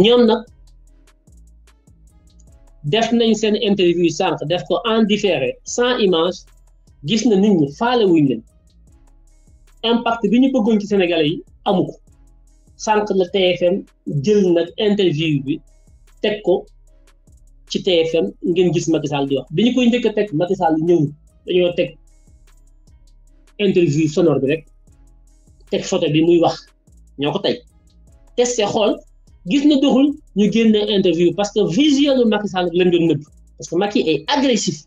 ñoom nag def nañ seen interview sànq def ko en différé san image gis na nit ñi faale wuñ leen impact bi ñu bëggoon ci Sénégalais yi amu ko sànq la TFM jël nag interview bi teg ko ci TFM ngeen gis Macky Sall di wax bi ñu koy njëkk a teg Macky Sall ñëw dañoo teg interview sonore bi rek teg photo bi muy wax ñoo ko tey testé xool. nous na doxul ñu interview parce que visuellement Macky parce que est agressif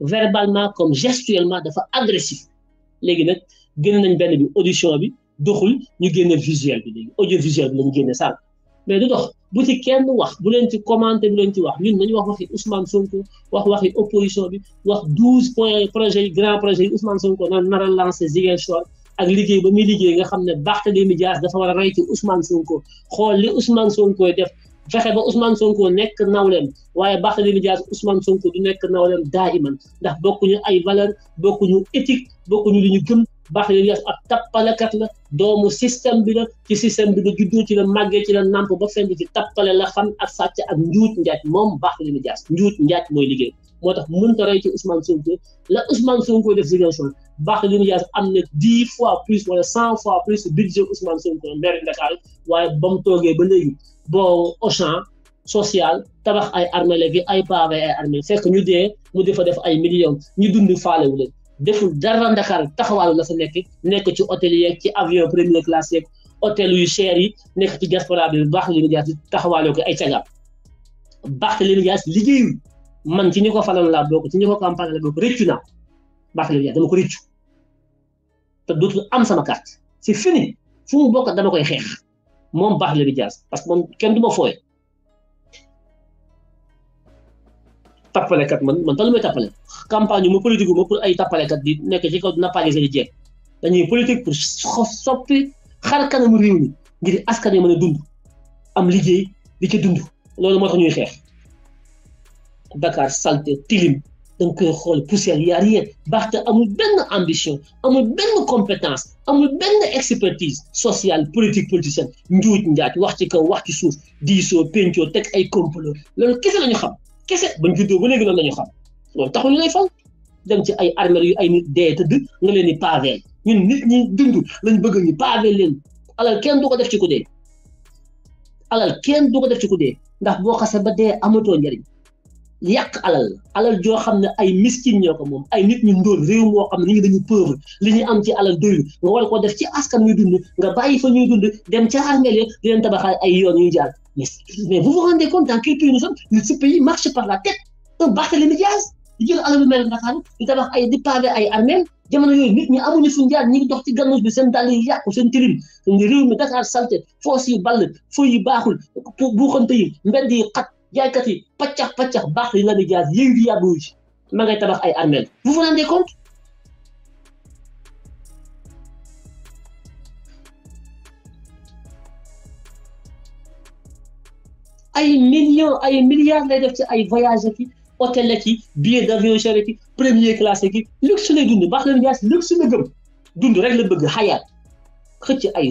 verbalement comme gestuellement dafa agressif léegi nag nañ bi audition bi doxul ñu visuel bi mais du dox bu ci kenn wax bu ci bu ci Ousmane Sonko wax opposition bi wax points grand projet Ousmane Sonko a ak liggéey ba muy liggéey nga xam ne Barthélémy Dias dafa war a rey ci Ousmane Sonko xool li Ousmane Sonko def fexe ba Ousmane Sonko nekk nawleem waaye Barthélémy Dias Ousmane Sonko du nekk nawleem daayiman ndax bokkuñu ay valeur bokkuñu éthique bokkuñu li ñu gëm Barthélémy Dias ab tappalekat la doomu système bi la ci système bi la juddoo ci la màggee ci la nàmp ba fenn ci tappale la xam ak sàcc ak njuut njaaj moom Barthélémy Dias njuut njaaj mooy liggéey moo tax mënut a rey ci Ousmane Sonko la Ousmane Sonko def Ziguinchor Barthélémy Dias am na dix fois plus wala cent fois plus budget Ousmane Sonko maire Dakar waaye ba mu toogee ba léegi bon Auchan social tabax ay armée gi ay pavé ay armée fekk ñu dee mu def a def ay millions ñu dund faalewu leen deful dara Dakar taxawaalu la sa nekk nekk ci hôtel yeeg ci avion première classe yeeg hôtel yu cher yi nekk ci diaspora bi Barthélémy Dias taxawaaloo ko ay cagam Barthélémy Dias liggéeyul man ci ñu ko faloon laa bokk ci ñu ko campagne la bokk rëccu naa Barthélémy Dias dama ko rëccu te dootul am sama carte c'est fini fu mu bokk dama koy xeex moom baax Barthélémy jaas parce que moom kenn du ma fooye tappalekat man man tax lu campagne yu ma politique wu ma pour ay tappalekat di nekk ci kaw dina palisé di jeex dañuy politique pour soppi xar kanamu réew mi ngir askan wi mën a dund am liggéey di ca dund loolu moo tax ñuy xeex Dakar salté tilim da koy xool poussière y a rien baaxte amul benn ambition amul benn compétence amul benn expertise sociale politique politicienne njuuj njaaj wax ci kaw wax ci suuf diisoo pencoo teg ay complot loolu kese la ñu xam kese bañ juddoo ba léegi loolu la ñu xam loolu taxul ñu lay fal dem ci ay armée yu ay nit dee tëdd nga leen di pavé ñun nit ñi dund lañ bëgg ñu pavé leen alal kenn du ko def ci ku dee alal kenn du ko def ci dee ndax boo xasee ba dee amatoo njariñ yàq alal alal joo xam ne ay miskin ñoo ko moom ay nit ñu ndóol réew moo xam ne nit ñi dañu pauvre li ñu am ci alal doyul nga war ko def ci askan ñuy dund nga bàyyi fa ñuy dund dem ca armel ya di leen tabaxal ay yoon yu jaar mais mais vous vous rendez compte dans quel pays nous sommes ce pays marche par la tête un Barthélémy Diaz di jël alal bu mel Dakar di tabax ay di pavé ay armel jamono yooyu nit ñi amuñu suñ jaar ñi ngi dox ci gannaaw bi seen dàll yi yàqu seen tilim réew mi Dakar salté foos yi ball fo yi baaxul buuxante yi mbedd yi xat jaaykat yi paccax paccax baax li qui tabax ay vous vous rendez compte ay millions ay milliards lay def ci ay voyage hôtel la d'avion premier classe qui, luxe lay dund baax luxe gëm dund rek la bëgg ay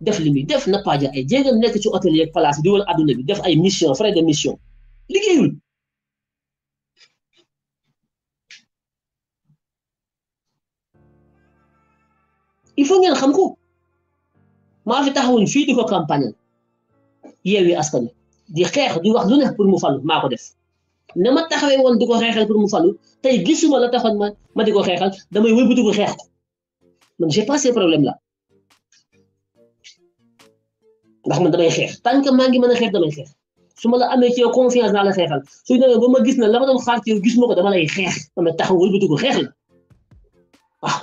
def limi def na ja ay jéegam nek ci hôtel ak place di wol aduna bi def ay mission frais de mission liggéeyul il faut ngeen xam ko ma fi taxawuñ fi diko campagne yewi askan di xex di wax lu ne pour mu fallu mako def nama taxawé won diko xexal pour mu fallu tay gisuma la taxoon ma ma diko xexal damay wëbutu ko xex man j'ai pas ces problèmes là ndax man damay xeex tant que maa ngi mën a xeex damay xeex su ma la amee ci confiance naa la xeexal su demee ba ma gis ne la ma doon xaar ci gis ma ko xeex dama taxaw wëlbatiku xeex la waaw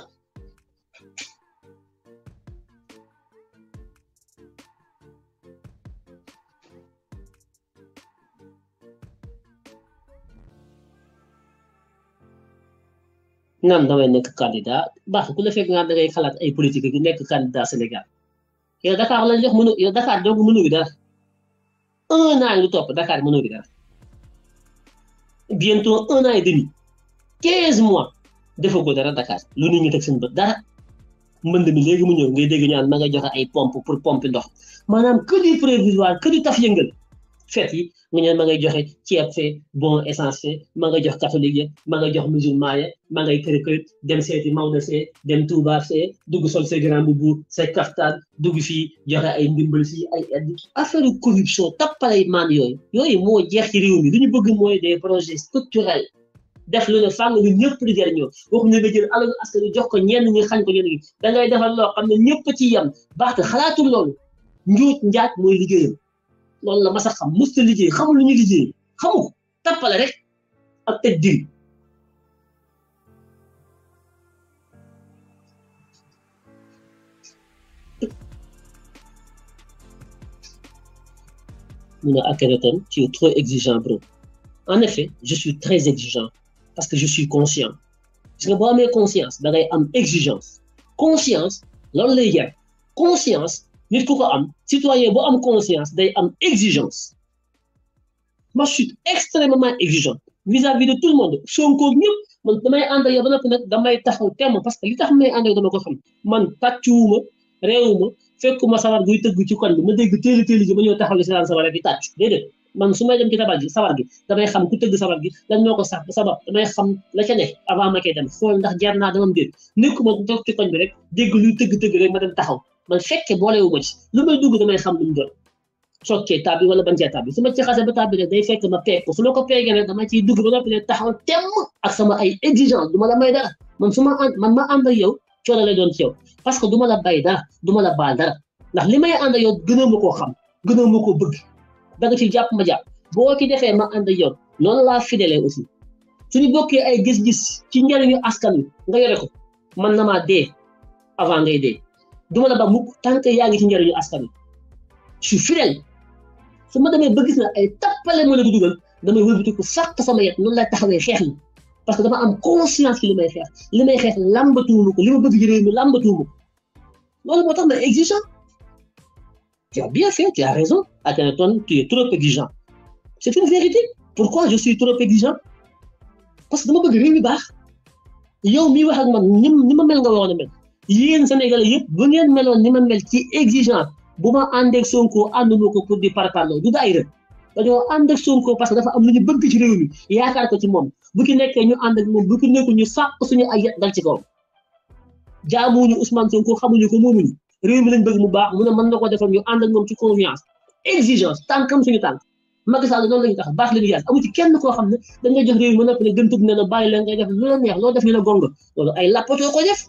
nan damay nekk candidat baax ku la fekk nga da ngay xalaat ay politique yu nekk candidat Sénégal yow Dakar lañ jox mënu yow Dakar doogu mënu bi dara un an lu topp Dakar mënu bi dara bientôt un an et demi quinze mois defoo ko dara Dakar lu nit ñi teg seen bët dara mbënd mi léegi mu ñëw ngay dégg ñu naan ma nga joxe ay pompe pour pompe ndox maanaam que du prévisoire que du fet yi nga ma ngay joxe ceeb fee bon essence ma nga jox catholique ma nga jox musulman ya ma ngay kër kër dem seeti Maodo fee dem Touba fee dugg sol sa grand boubou sa kaftaan dugg fii joxe ay ndimbal si ay aide affaire corruption tappalay maan yooyu yooyu moo jeex ci réew mi lu ñu bëgg mooy des projets structurels def lu ne fàng lu ñëpp di jëriñoo waxuñu nga jël alalu askan wi jox ko ñenn ñi xañ ko ñenn ñi da ngay defal loo xam ne ñëpp ci yam baax te xalaatul loolu njuut njaat mooy liggéeyam loolu la xam rek ak tu es trop exigeant, bro. En effet, je suis très exigeant parce que je suis conscient. je que conscience, da am exigence. Conscience, l'on Conscience, nit ku ko am citoyen bu am conscience day am exigence ma suis extrêmement exigeant vis-à-vis de tout le monde Sonko ñep man damay ànd ya yow nak damay taxaw temm parce que li tax may ànd dama ko xam man tatchuuma rewuma réewuma ma sawar guy tëgg ci kon bi ma dégg téeli téeli ji ma ñëw taxaw ci sawar sabar gi tàccu déedéet man suma may dem ci tabax gi sawar gi damay xam ku tëgg sawar gi lan ñoko ko sax sabab damay xam la ca ne avant ma kay dem xool ndax jar naa damam déet nekkuma toog ci koñ bi rek dégg lu tëgg-tëgg rek ma dem taxaw man fekke boolewu ma ci lu may dugg damay xam lu mu doon sokkee tab bi wala bañ cee bi su ma ci xase ba tab day fekk ma peeg ko su ma ko peegee rek dama ciy dugg ba noppi ne taxaw temm ak sama ay exigence du ma la may dara man su ma man ma ànd ak yow coono lay doon ci yow parce que du ma la bay dara du ma la ndax li may ànd ak yow gënoon koo xam gënoon ma koo bëgg da nga ci jàpp ma jàpp boo ci defee ma ànd ak yow noonu laa fidèle aussi suñu bokkee ay gis-gis ci njëriñu askan wi nga yore ko man na maa dee avant ngay dee. duma la ba mukk tant que yaa ngi ci njëriñu askan wi je suis fidèle su ma demee ba na ay tappale ma la du dugal damay wëlbati ku fàtt sama yet noonu lay taxawee xeex mi parce que dama am conscience ci li may xeex li may xeex làmbatuuma ko li ma bëgg réew mi làmbatuuma ko loolu moo tax ma exigeant tu as bien fait tu a raison Akhenaton tu es trop exigeant c'est une vérité pourquoi je suis trop exigeant parce que dama bëgg réew mi baax yow miy wax ak man ni ma mel nga waroon a mel yéen Sénégalais yëpp bu ngeen meloon ni ma mel ci exigence bu ma àndeeg Sonko ànduma ko pour di parparloo du daay rek dañoo ànd ak Sonko parce que dafa am lu ñu bëgg ci réew mi yaakaar ko ci moom bu ki nekkee ñu ànd moom bu ki nekkul ñu sàq suñu ay yet dal ci kaw jaamuñu Ousmane Sonko xamuñu ko moomuñu réew mi lañ bëgg mu baax mu ne mën na ko defal ñu ànd moom ci confiance exigence tànkam suñu tànk Macky Sall noonu la ñu tax baax la kenn koo xam ne da jox réew mi bàyyi leen ngay loo def ñu ne gonga loolu ay lappatoo ko def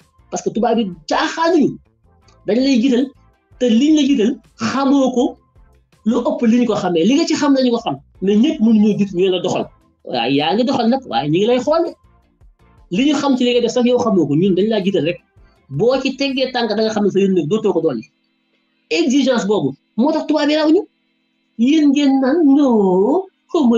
parce que tubaab yi jaaxaanuñu dañ lay jiital te liñ la jiital xamoo ko lu ëpp li ñu ko xamee li nga ci xam lañu ko xam mais ñëpp mënuñoo jiit ñu la doxal waaye yaa ngi doxal nag waaye ñu ngi lay xool li ñu xam ci li def sax yow xamoo ko ñun dañ laa jiital rek boo ci teggee tànk da nga xam ne sa yéen nag dootoo ko dolli exigence boobu moo tax tubaab yi raw ngeen naan non xawma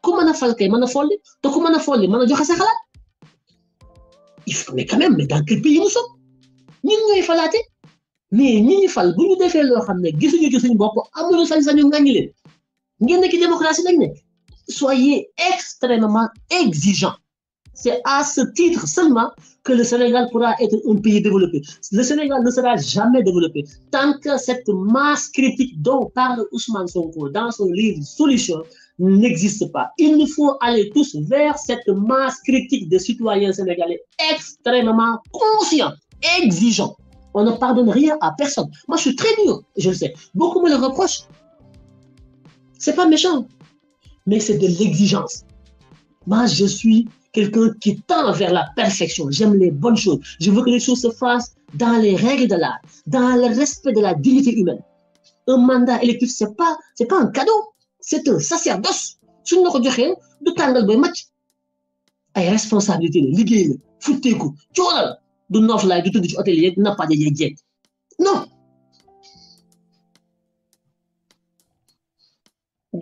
« Comment mën a fal kay mën a folli te ku mën a folli mën a joxe sa xalaat il faut mais quand même mais dans quel pays nous sommes ñun ñooy falaate mais ñi ñu fal bu ñu defee loo xam ne gisuñu ci suñu bopp amuñu sañ-sañu ŋàññi leen ngeen nekk démocratie lañ ne soyez extrêmement exigeant c'est à ce titre seulement que le Sénégal pourra être un pays développé. Le Sénégal ne sera jamais développé tant que cette masse critique dont parle Ousmane Sonko dans son livre Solution n'existe pas. Il nous faut aller tous vers cette masse critique de citoyens sénégalais extrêmement conscients, exigeants. On ne pardonne rien à personne. Moi, je suis très dur, je le sais. Beaucoup me le reprochent. C'est pas méchant, mais c'est de l'exigence. Moi, je suis quelqu'un qui tend vers la perfection. J'aime les bonnes choses. Je veux que les choses se fassent dans les règles de l'art, dans le respect de la dignité humaine. Un mandat électif, ce n'est pas, pas un cadeau c'est un sacerdoce ne la ko rien du tàngal bay match. ay responsabilité la liggéey la futteeku cooral du noof laay du tëdd ci hôtel yeeg pas de non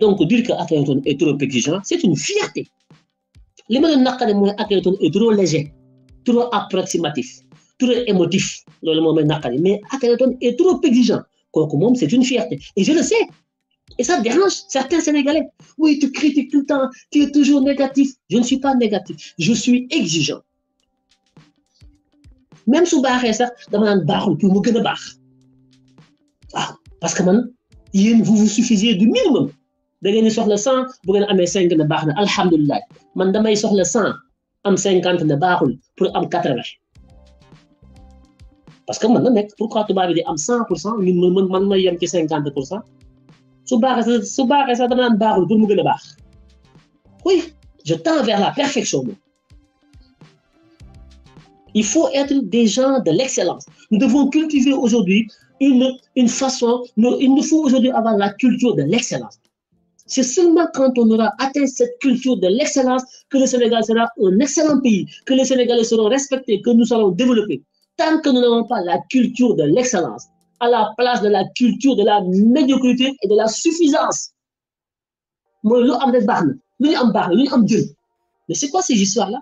donc dire que est trop exigeant c'est une fierté Les ma leen naqare est trop léger trop approximatif trop émotif mais Akhenaton est trop exigeant c'est une fierté et je le sais et ça dérange certains Sénégalais. Oui, tu critiques tout le temps, tu es toujours négatif. Je ne suis pas négatif, je suis exigeant. Même sous barre, ça, dans un bar, on peut me Ah, parce que maintenant, vous vous suffisiez du minimum. Vous avez 100, le sang, vous avez mis 5 de barre, alhamdoulilah. Maintenant, vous sur le am 50 de barre pour am 80. Parce que maintenant, pourquoi tu vas dire am 100%, mais maintenant, vous avez 50% oui je tends vers la perfection il faut être des gens de l'excellence nous devons cultiver aujourd'hui une une façon il nous faut aujourd'hui avoir la culture de l'excellence c'est seulement quand on aura atteint cette culture de l'excellence que le Sénégal sera un excellent pays que les Sénégalais seront respectés que nous serons développés tant que nous n'avons pas la culture de l'excellence à la place de la culture de la médiocrité et de la suffisance mais c'est quoi ces histoires là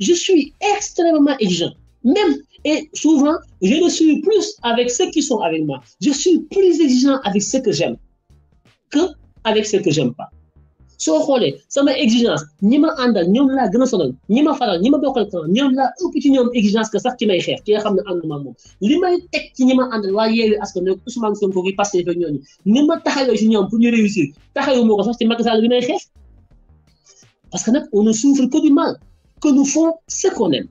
je suis extrêmement exigeant même et souvent je le suis plus avec ceux qui sont avec moi je suis plus exigeant avec ceux que j'aime que avec ceux que j'aime pas soo xoolee sama exigence ñi ma àndal ñoom laa gën a sonal ñi ma faral ñi ma bokkal kan ñoom laa ëpp ci ñoom exigence que sax ci may xeex ki nga xam ne ànd maa moom li may teg ci ñi ma àndal waa yeewi askan wi Ousmane Sonko gi passé fa ñooñu ni ma taxawee ci ñoom pour ñu réussir taxawu moo ko sax ci Macky Sall bi may xeex parce que nag on ne souffre que du mal que nous font ce qu'on aime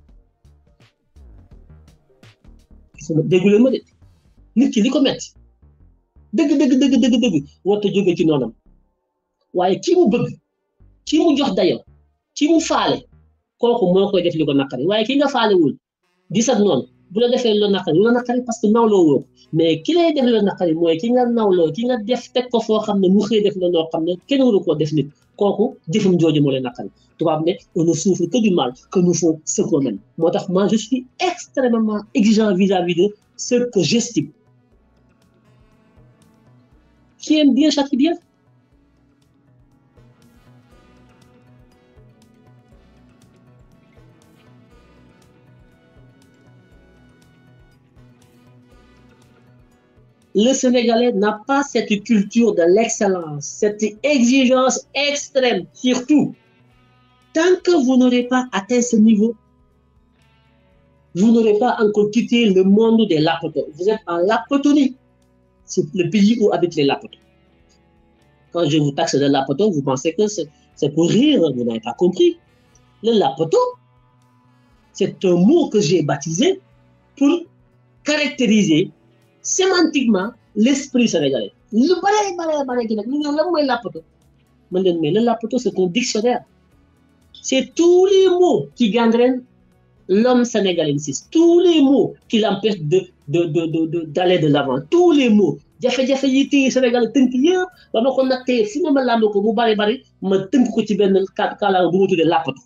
dégguleen ma de nit ki li ko metti dëgg dëgg dëgg dëgg dëgg warta jóge ci noonam waaye ki mu bëgg kii mu jox dayo kii mu faale kooku moo koy def li ko naqari waaye kii nga faale wul di sat noonu bu la defee loo naqari loo naqari parce que nawloo woo mais ki lay def loo naqari mooy ki nga nawloo ki nga def teg ko foo xam ne mu xëy def la noo xam ne kenn waru koo def nit kooku jëfum jooju moo lay naqari tubaab ne on souffre que du mal que nous faut ce qu'on aime moo tax man je suis extrêmement exigeant vis-à-vis de ce que j'estime qui aime bien châtie bien le Sénégalais n'a pas cette culture de l'excellence, cette exigence extrême, surtout. Tant que vous n'aurez pas atteint ce niveau, vous n'aurez pas encore quitté le monde des Lapotons. Vous êtes en Lapotonie. C'est le pays où habitent les Lapotons. Quand je vous taxe de Lapoton, vous pensez que c'est pour rire, vous n'avez pas compris. Le Lapoton, c'est un mot que j'ai baptisé pour caractériser sémantiquement l'esprit sénégalais Le bëree bëree bëree ci nag ñu ñoom lan mooy làppato mën leen mais le làppato c'est un dictionnaire c'est tous les mots qui gangrènent l'homme sénégalensis tous les mots qui l'empêchent de de de de d'aller de l'avant tous les mots jafe-jafe yi téye Sénégal tënk yëpp ba ma ko nattee si ma ma làmb ko bu bari bari ma tënk ko ci benn kàllaama bu ma tuddee làppatu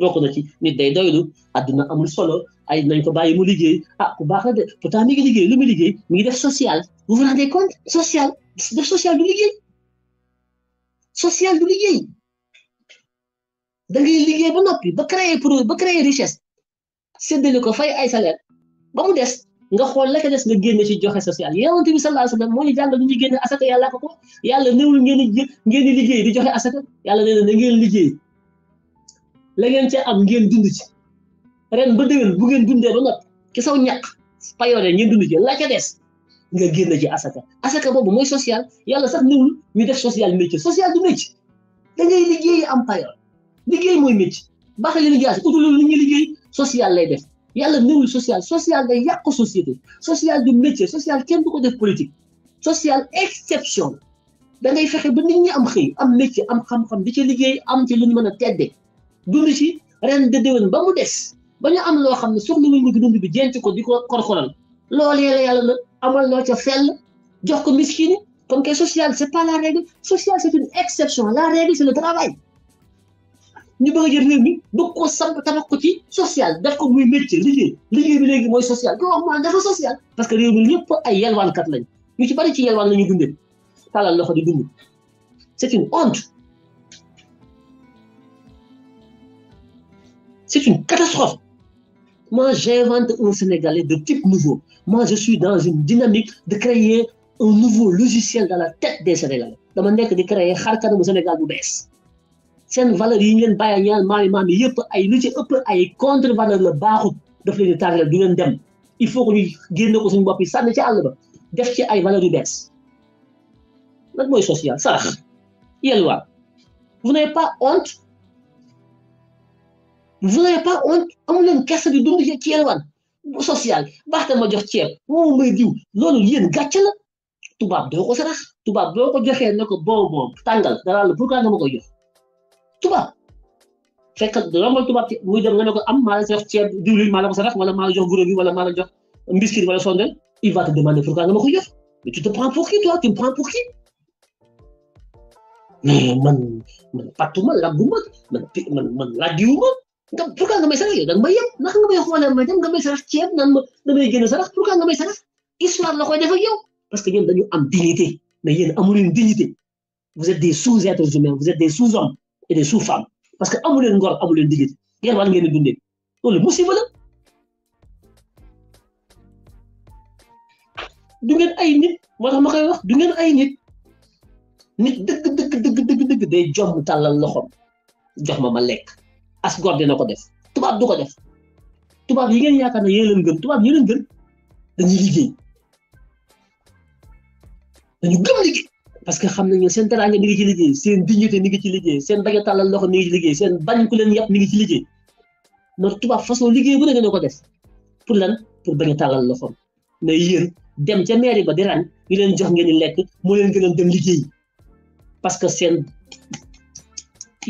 bokk na ci nit day doylu àdduna amul solo ay nañ ko bàyyi mu liggéey ah ku baax la de pourtant mi ngi liggéey lu mu liggéey mu ngi def social vous vous rendez compte social def social du liggéey social du liggéey da ngay liggéey ba noppi ba créer produit ba créer richesse séddale ko fay ay salaire ba mu des nga xool la ka des nga génne ci joxe social yonent bi sallallahu alayhi wa sallam moo ñu jàngal ñu ñuy génne asaka yàlla ko ko yàlla néewul ngeen di ngeen di liggéey di joxe asaka yàlla nee na na ngeen liggéey la ngeen ca am ngeen dund ci. ren ba déwén bu ngeen dundee ba noppi ki saw ñaq payoore ngeen dund ci la ca des nga génn ci asaka asaka boobu mooy social yàlla sax newul ñu def social métier social du métier da ngay liggéey am payoor liggéey mooy métier baax li liggéey utu loolu li ñuy liggéey social lay def yàlla newul social social day yàq société social du métier social kenn du ko def politique social exception da ngay fexe ba nit ñi am xëy am métier am xam-xam di ci liggéey am ci lu ñu mën a teddee dund ci ren de déwén ba mu des ba ñu am loo xam ne soxla nañ ñu dund bi jënc ko di ko korkoral loolee la yàlla na amal noo ca fell jox ko miskini comme que social c'est pas la règle social c'est une exception la règle c'est le travail ñu bëgg a jël réew mi bëgg koo samp tabax ko ci social def ko muy métier liggéey liggéey bi léegi mooy social ko wax mooy dafa social parce que réew mi ñëpp ay yelwaankat lañ ñu ci bari ci yelwaan la ñu dundee talal loxo di dund c'est une honte c'est une catastrophe Moi, j'invente un Sénégalais de type nouveau. Moi, je suis dans une dynamique de créer un nouveau logiciel dans la tête des Sénégalais. dama nekk de créer xar au Sénégal bu C'est une valeur yi ngeen bàyyi ñaan maami maami yëpp ay lu contre valeur la baaxut de la di tàggal du de il faut que ñu génne ko suñu pas yi ça ci àll ba def ci ay valeurs yu bees lan mooy social ça loi. vous n'avez pas honte vous n'avez pas honte amu une casse de dons qui est là, social baaxte ma jox ceeb moom may diw là, yéen gàcce la tubaab doo là, sarax tubaab boo ko joxee ne ko boobu boobu là, danaa la pourquoi nga ma tu vas tubaab fekk là, tubaab ci muy dem nga ne ko am maa là, jox ceeb diwlin maa la tu vas wala maa là, jox guro bi wala maa la jox mbiskit wala là, il va te demander pourquoi tu ma mais tu te prends pour qui toi tu me prends pour qui mais man man pattuma lagguma man man man laggiwuma nga pourquoi nga may sarax yow da nga may yëpp naka nga may dem nga may sarax ceeb naan ma nga may génn sarax pourquoi nga may sarax histoire la koy def yow parce que yéen dañu am dignité mais yéen amul une dignité vous êtes des sous êtres humains vous êtes des sous hommes et sous femmes parce que amul leen ngor amul leen dignité yéen war ngeen di dundee loolu musiba ay nit moo tax ma koy wax du ngeen ay nit nit dëgg dëgg dëgg dëgg dëgg day jomm tàllal loxoom jox ma ma lekk. as gor dina ko def tubaab du ko def tubaab yi ngeen yaakaar ne yéen leen gën tubaab ñu leen gën dañuy liggéey dañu gëm liggéey parce que xam nañu seen teraanga mi ngi ci liggéey seen dignité mi ngi ci liggéey seen bañ a tàllal loxo mi liggéey seen bañ ku leen yàpp mi ngi ci liggéey mooy tubaab façon liggéey bu ne dina ko def pour lan pour bañ a tàllal loxoom mais yéen dem ca mairie ba di ran ñu leen jox ngeen di lekk moo leen gën a dem liggéey parce que seen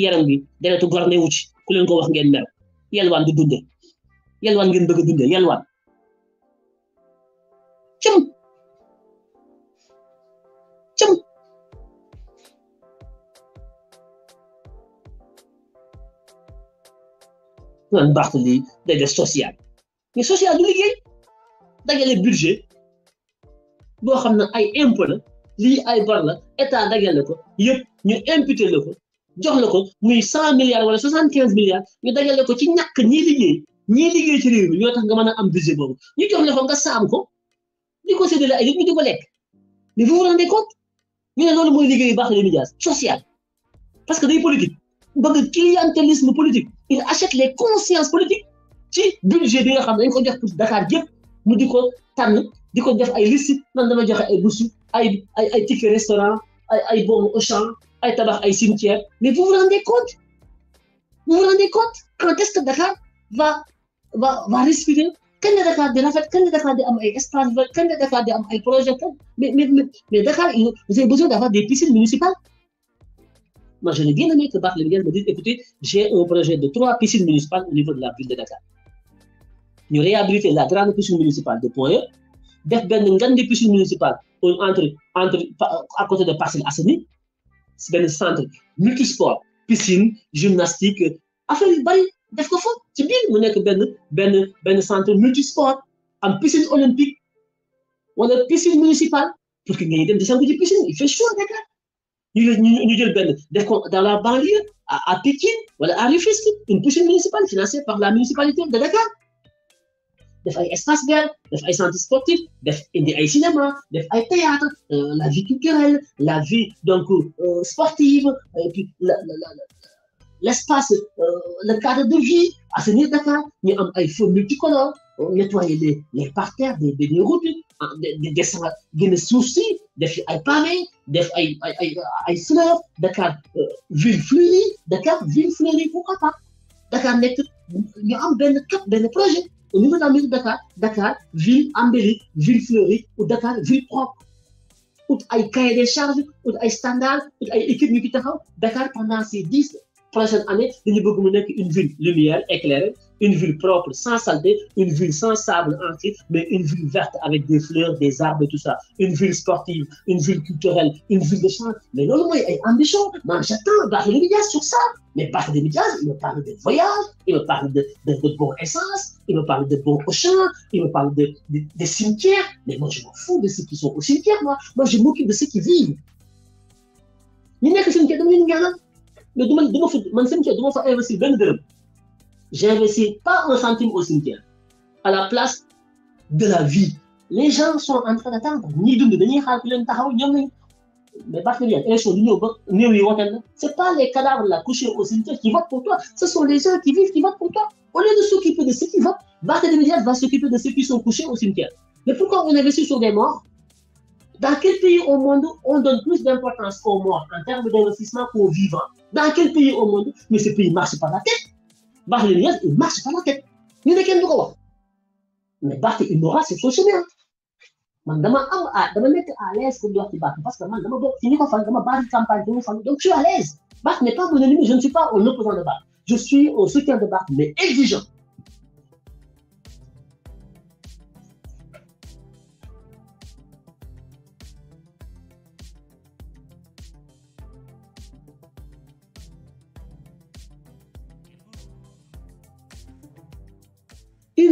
yaram bi deretu gor ne wu ku ko wax ngeen mer yelwaan du dunde yelwaan ngeen bëgg a dunde yelwaan cëm cëm loolu baax lii day def social mais social du liggéey dajale budget boo xam ne ay impôt la ay bar la état dajale ko yëpp ñu imputé la jox la milliards wala 75 milliards ñu dajale ko ci ñàkk ñii liggéey ñii liggéey ci réew mi a am budget ñu nga ko ay ñu mais vous vous rendez compte social parce que day politique bëgg clientélisme politique il achète les consciences politiques ci budget xam dañ ko pour Dakar mu def ay liste dama ay ay ay ay restaurant ay ay au champ ay tabax ay cimetière mais vous vous rendez compte vous vous rendez compte quand est-ce que Dakar va va va respirer ce que Dakar va est quand que Dakar va am ay espace quand Dakar va am ay projet mais mais mais Dakar vous avez besoin d'avoir des piscines municipales moi je bien aimé que Barthélémy Diaz me dise écoutez j'ai un projet de trois piscines municipales au niveau de la ville de Dakar Nous réhabiliter la grande piscine municipale de Pointe d'être def une grande piscine municipale entre entre à côté de Parcelles Assainies c'est un centre multisport piscine gymnastique affaire yu bari def ko fa ci olympiques, mu nek ben centre multisport am piscine olympique wala piscine municipale pour que ngay dem des sangu ci piscine il fait chaud d'accord ñu ñu jël ben def ko dans la banlieue à Pékin, wala à une piscine municipale financée par la municipalité de Dakar des ay espace vert def ay centre sportif des indi cinéma def ay théâtre euh, la vie culturelle la vie donc euh, sportive et puis la la la l'espace euh, le cadre de vie assainir Dakar ñu am ay feux multicolores nettoyer les les parterres des des routes ah, des des génne suuf si def ay pavé def ay ay ay ay fleurs Dakar ville fleurie d'accord, ville fleurie pourquoi pas d'accord, nekk ñu am un cap benn projet. Au niveau de la ville de Dakar, Dakar, ville embellie, ville fleurie, ou Dakar, ville propre. Ou y a des charges, ou des standards, ou des équipes Dakar, pendant ces 10, prochaine année dañu bëgg mu nekk une ville lumière éclairée une ville propre sans saleté une ville sans sable entier mais une ville verte avec des fleurs des arbres et tout ça une ville sportive une ville culturelle une ville de chant. mais loolu est un méchant. Mais j'attends de médias sur ça mais de médias, il me parle de voyages, il me parle de de bon essence il me parle de bons cochon il me parle de cimetières. mais moi je m'en fous de ceux qui sont au cimetière moi moi je m'occupe de ceux qui vivent que cimetière a mais du ma pas un centime au cimetière à la place de la vie les gens sont en train d'attendre Ni d'une sont mais parce que pas les cadavres là couchés au cimetière qui votent pour toi ce sont les gens qui vivent qui votent pour toi au lieu de s'occuper de ceux qui votent Barthélemy Diaz va s'occuper de ceux qui sont couchés au cimetière mais pourquoi on investit sur des morts dans quel pays au monde on donne plus d'importance aux morts en termes d'investissement qu'aux vivants Dans quel pays au monde Mais ce pays ne marche pas la tête. il ne marche pas la tête. Nous ne pas Mais Bach, il aura ses chemin. man je am à à l'aise pour di parce que man campagne donc je suis à l'aise Bart n'est pas mon ennemi je ne suis pas un opposant de Bach, je suis au soutien de Bart mais exigeant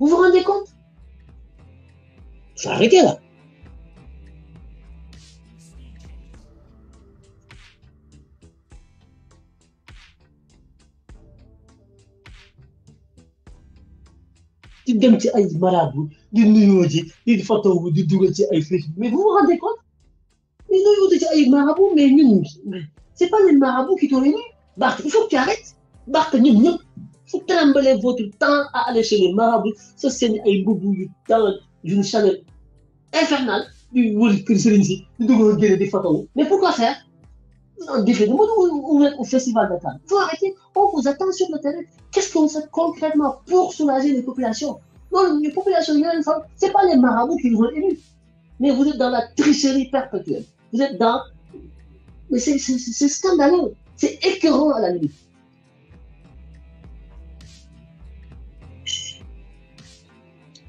Vous vous rendez compte Faut arrêter là. mais vous vous rendez compte mais marabout mais nous c'est pas les marabouts qui t'ont bah, il faut que tu arrêtes bah, vous tremblez votre temps à aller chez les marabouts. Ce Seigneur est beaucoup de temps d'une chaleur infernale. Du que des Mais pourquoi faire En défait nous monde ou au festival d'Atal. Vous arrêtez, On vous attend sur le terrain. Qu'est-ce qu'on fait concrètement pour soulager les populations Non, les populations, ce n'est pas les marabouts qui nous ont élus. Mais vous êtes dans la tricherie perpétuelle. Vous êtes dans. Mais c'est scandaleux. C'est écœurant à la limite.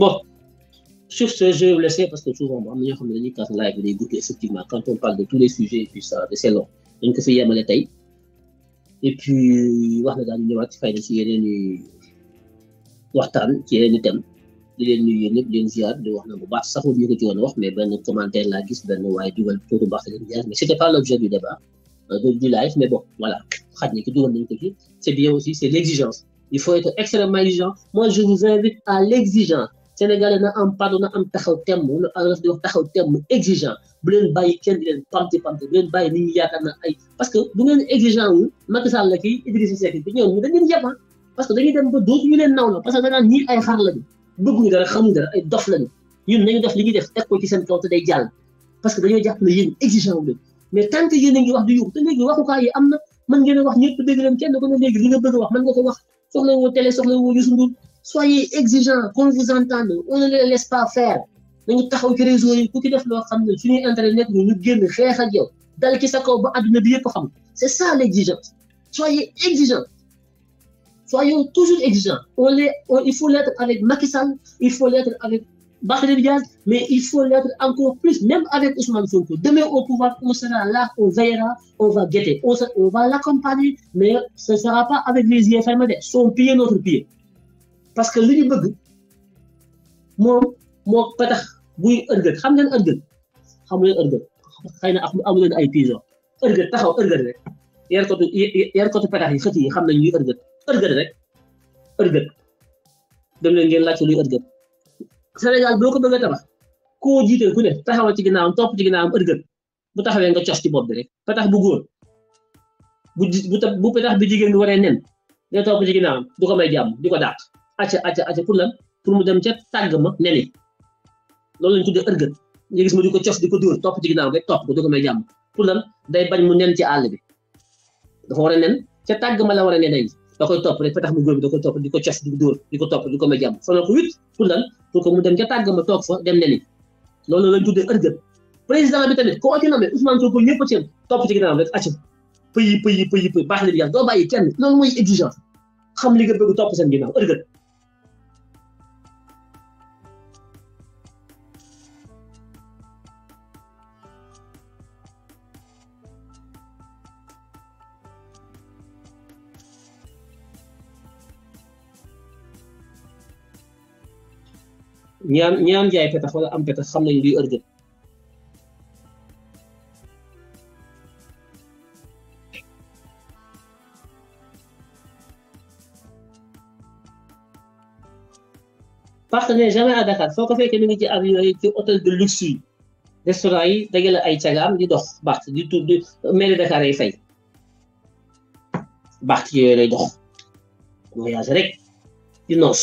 Bon, sur ce, je vais vous laisser parce que souvent, moi, comme suis quand live, des goûts, effectivement, quand on parle de tous les sujets, puis ça, c'est long. Donc, c'est Yamane Taï. Et puis, voilà, dans le Fay, il y a des Wartan, qui est le thème. Il y a une ñëpp de leen ça, vous wax na bu baax saxul ñu ko ci mais benn commentaire laa gis ben waaye dugal ko bu baax mais c'était pas l'objet du débat euh, du live mais bon voilà ki c'est bien aussi c'est l'exigence il faut être extrêmement exigeant moi je vous invite à l'exigence sénégalais na am pardon na am taxaw temm lu di wax taxaw temm exigeant bu kenn di pamti pamti bu leen bàyyi ñi yaakaar na ay parce que bu ngeen wu Macky Sall la kii Idrissa Seck bi ñoom dañ leen yàpp parce que dem ba dootuñu leen naw la parce que danaan ñii ay xar lañu li ñuy def teg ko dañoo jàpp ne yéen exigeant wu leen mais tant que yéen a ngi wax di yóbbu te léegi waxukaay yi am na mën ngeen a wax ñëpp dégg leen kenn ko ne léegi a wax mën nga soyez exigeants qu'on vous entende on ne les laisse pas faire réseau internet dal ci ba c'est ça l'exigence soyez exigeants soyons toujours exigeants il faut l'être avec Macky Sall il faut l'être avec Barthélémy Diaz mais il faut l'être encore plus même avec Ousmane Sonko demain au pouvoir on sera là on veillera on va guetter on, va l'accompagner mais ce ne sera pas avec les yeux fermés son pied notre pied parce que li ñu bëgg moom moo petax buy ërgët xam ngeen ërgët xamu leen ërgët xëy na amu leen ay pigeon ërgët taxaw ërgët rek yarkatu yarkatu petax yi xët yi xam nañ ñuy ërgët ërgët rek ërgët dem leen ngeen laajte luy ërgët Sénégal boo ko bëggee tabax koo jiite ku ne taxawal ci ginnaawam topp ci ginnaawam ërgët bu taxawee nga cos ci bopp bi rek petax bu góor bu bu petax bi jigéen bi waree nen day topp ci ginnaawam du ko may jàmm di ko dàq acca acca acca pour lan pour mu dem ca tàgg ma nene loolu lañ tuddee ërgët nga gis ma di ko cos di ko dóor topp ci ginnaaw ngay topp ko di ko may jàmm pour lan day bañ mu ci àll bi dafa war a nen ca tàgg ma la war a neneen da koy topp rek fetax mu da koy topp di ko cos di ko dóor di ko topp di ko may jàmm sonal dem ca tàgg ma toog fa dem neni loolu lañ tuddee ërgët président koo ci namee Ousmane Sonko ñëpp ci topp ci ginnaaw rek acca pëyi doo bàyyi kenn loolu mooy exigence xam li nga topp seen ginnaaw ërgët ñaam ñaam jaay petax wala am petax xam nañ luy ërgët parce ne jamais à Dakar foo ko fekkee mi ngi ci avion yooyu ci hôtel de luxe yi restaurant yi dagale ay cagaam di dox baax di tur di mairie Dakar ay fay baax yooyu lay dox voyage rek di noos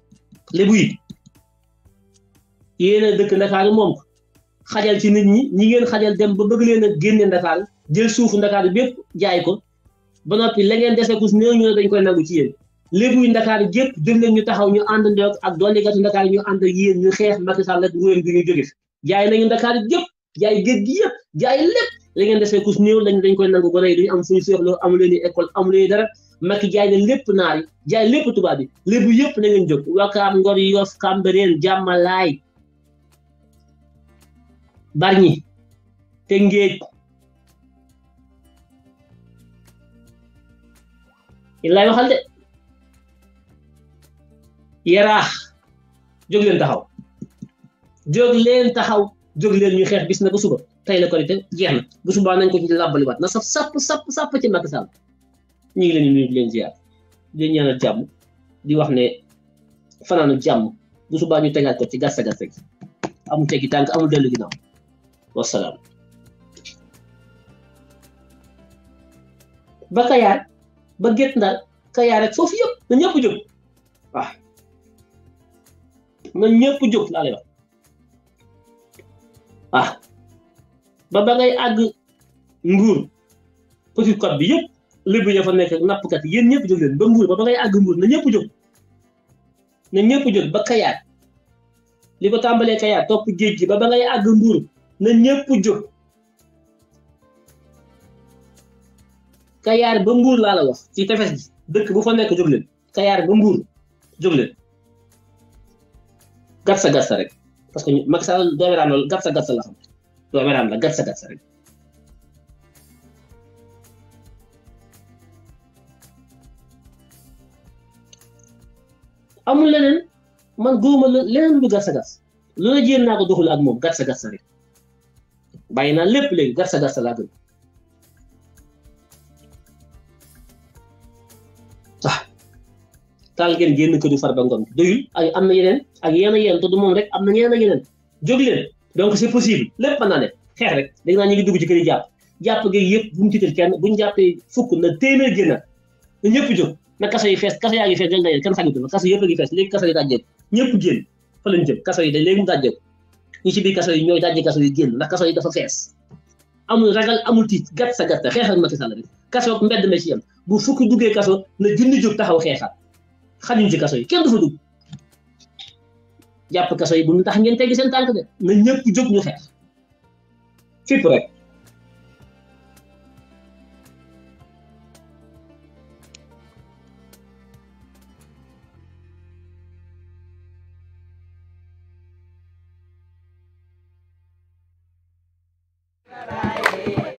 lébu yi yéen a dëkk ndakaaru moom ko xajal ci nit ñi ñi ngeen xajal dem ba bëgg leen a génne ndakaaru jël suufu ndakaaru bépp jaay ko ba noppi la ngeen dese ku si néew ñu ne dañ koy nangu ci yéen lébu yi ndakaaru yëpp def leen ñu taxaw ñu ànd ndox ak doole gatu ndakaaru ñu ànd ak yéen ñu xeex Macky Sall ak nguuram bi ñu jóge fi jaay nañu ndakaaru yëpp jaay géej gi yëpp jaay lépp la ngeen dese ku néew lañ dañ koy nangu gone yi duñu am fu ñu amu leen école amu leen dara Macky jaay na lépp naar yi jaay lépp tubaab yi lépp yëpp na ngeen jóg Wakaam Ngor Yoff Cambérène Jàmmalaay Bargny Tëngéej lay waxal de yaraax jóg leen taxaw jóg leen taxaw jóg leen ñu xeex bis na ba suba tey la korite jeex na bu subaa nañ ko ci làbbaliwaat na saf sapp sapp sapp ci Macky Sall ñu ngi leen di nuyu leen ziar di leen ñaanal jàmm di wax ne fanaanu jàmm bu subaa ñu tegaat ko ci gàsta gàsta gi amul teggi tànk amul dellu ginnaaw wasalaam ba kayaar ba gét ndar kayaar rek foofu yëpp na ñëpp jóg ah. na ñëpp jóg laa lay ah. ba ba ngay àgg nguur petit code bi yëpp lébu ya fa nekk nappkat yéen ñëpp jóg leen ba mbuur ba ba ngay àgg mbuur na ñëpp jóg na ñëpp jóg ba kayaar li ko tàmbalee kayaar topp géej gi ba ba ngay àgg mbuur na ñëpp jóg kayaar ba mbuur laa la wax ci tefes gi dëkk bu fa nekk jóg kayaar ba mbuur jóg leen gatsa gatsa rek parce que Macky Sall doomeraam la gatsa gatsa la xam doomeraam la gatsa gatsa rek amul leneen man góoma la leneen lu garsa gas loolu la jéem naa ko doxul ak moom garsa garsa rek bàyyi naa lépp léegi garsa garsa laa gën waaw ah. taal ko génn këru Farba Ngom doyul ak am na yeneen ak yenn yeneen te du moom rek am na yeneen ak yeneen jóg donc c'est possible lépp mën naa ne xeex rek dégg naa ñi ngi dugg ci kër jàpp jàpp gi yëpp bu mu tiital kenn bu ñu jàppee fukk na téeméer génn na ñëpp jóg na kaso fees kaso yaa ngi fees dañ dajeel kenn xañu ko kaso a ngi ñëpp génn fa lañ jëm kaso yi dañ léegi mu dajjeeku ñi ci biir kaso yi ñooy dajje kaso yi génn ndax kaso yi dafa fees amul ragal amul tiit gàtt sa gàtt xeexal Macky Sall rek kaso mbedd ma ci yem bu fukki duggee kaso na junni jóg taxaw xeexal xañuñ ci kaso yi kenn du fa dugg jàpp yi bu mu tax ngeen teggi seen tànk de na ñëpp jóg ñu xeex